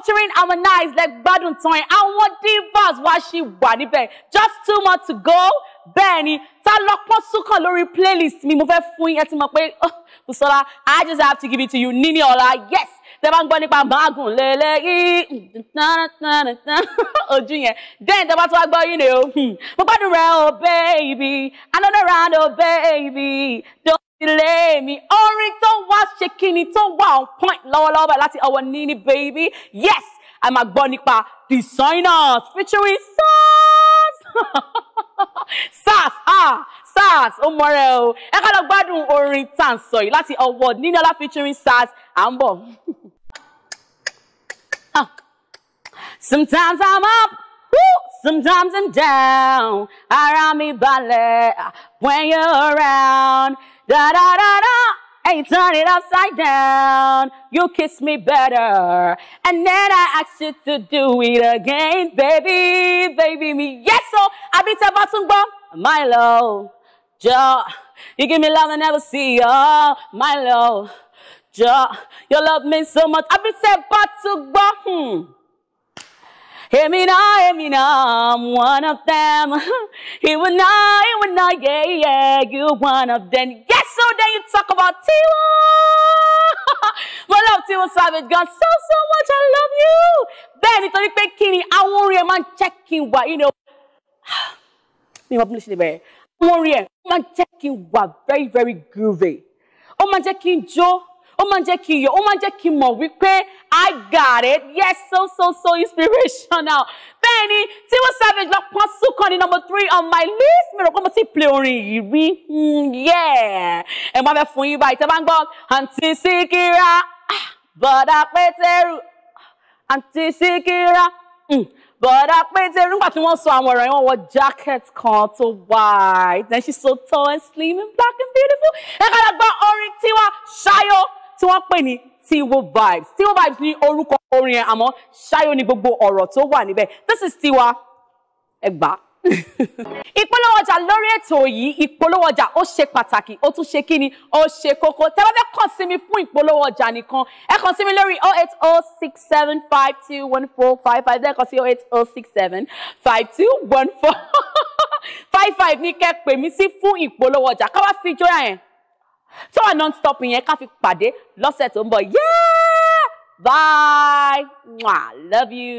featuring harmonize lẹ́gbádùn tán yẹn àwọn divas while she body bang. just two more to go bẹ́ẹ̀ ni ta lọ pọ́n súnkàn lórí playlist Me move fẹ́ fún yín ẹ ti mọ̀ pé oh, Busola I just have to give it to you Nini Ola yes tẹ bá ń gbọ́ nípa mágùn lélẹ́ ojú then tẹ bá tún wá gbọ́ yín hmm, ni o mo baby another round oh baby ilé mi orin tó wá ṣe kíni tó wà on point lọ́wọ́lọ́wọ́ báyìí láti ọwọ́ Nini Baby yes a máa gbọ́ nípa designers featuring SARS SARS ah SARS ó mọ̀rẹ́ o ẹ ká lọ gbádùn orin tá sọ yìí láti ọwọ́ Nini Ọlá featuring SARS à ń bọ̀. Ah, sometimes I'm up. Woo! Sometimes I'm down, around me ballet ah, when you're around. Da da da da. and you turn it upside down. You kiss me better. And then I ask you to do it again, baby, baby me. Yes, so I beat up Batunbo, my love. Joe, you give me love I never see. Oh, my love. Joe, your love means so much. I beat up Batunbo. Hmm. Him me now, him me now. I'm one of them. he would not, he would not, yeah, yeah, you one of them. so then you talk about Tiwa. Mo love Tiwa Savage gan so so much I love you. Then nítorí pé kí ni àwọn orin ẹ̀ máa you know. Mi ò mọ bí mo ṣe lè bẹ̀rẹ̀. Àwọn orin very very groovy. Ó máa ń jẹ́ ó máa ń jẹ́ kí n yọ̀ ó máa ń jẹ́ kí mọ̀ wípé I got it yes so so so inspirational bẹ́ẹ̀ ni Tiwa Savage lọ pọ́n súnkàn ní number three on my list mi rò pé mo ti play orin yìí rí hmm, ẹ máa fẹ́ fún yín báyìí tẹ́ bá ń gbọ́ àǹtí síkírà ah, bọ̀dà pétérù àǹtí síkírà hmm, bọ̀dà pétérù nígbà tí wọ́n sọ àwọn ọ̀rọ̀ yẹn wọ́n wọ jacket kan tó wide then she's so tall and slim and black and beautiful ẹ kàdà gbọ́ orin Tiwa ṣayọ tí wọ́n pè ní Tiwo Vibes Tiwo Vibes ní orúkọ orin ẹ̀ àmọ́ ṣáyó ni gbogbo ọ̀rọ̀ tó wà níbẹ̀ this is Tiwa ẹgbàá ìpolówó ọjà lórí ètò yìí ìpolówó ọjà ó ṣe pàtàkì ó tún ṣe kíni ó ṣe kókó tẹ́ bá fẹ́ kàn sí mi fún ìpolówó ọjà nìkan ẹ kàn sí mi lórí oh eight oh six seven five two one four five five ẹ kàn sí oh eight oh six seven five two one four five five ní kẹ́ pè mí sí fún ìpolówó ọjà ká wá fi jóyà yẹn tọ́wọ́ non-stop yẹn ká fi pàdé lọ́sẹ̀ tó ń bọ̀ Yeah, bye mwah love you.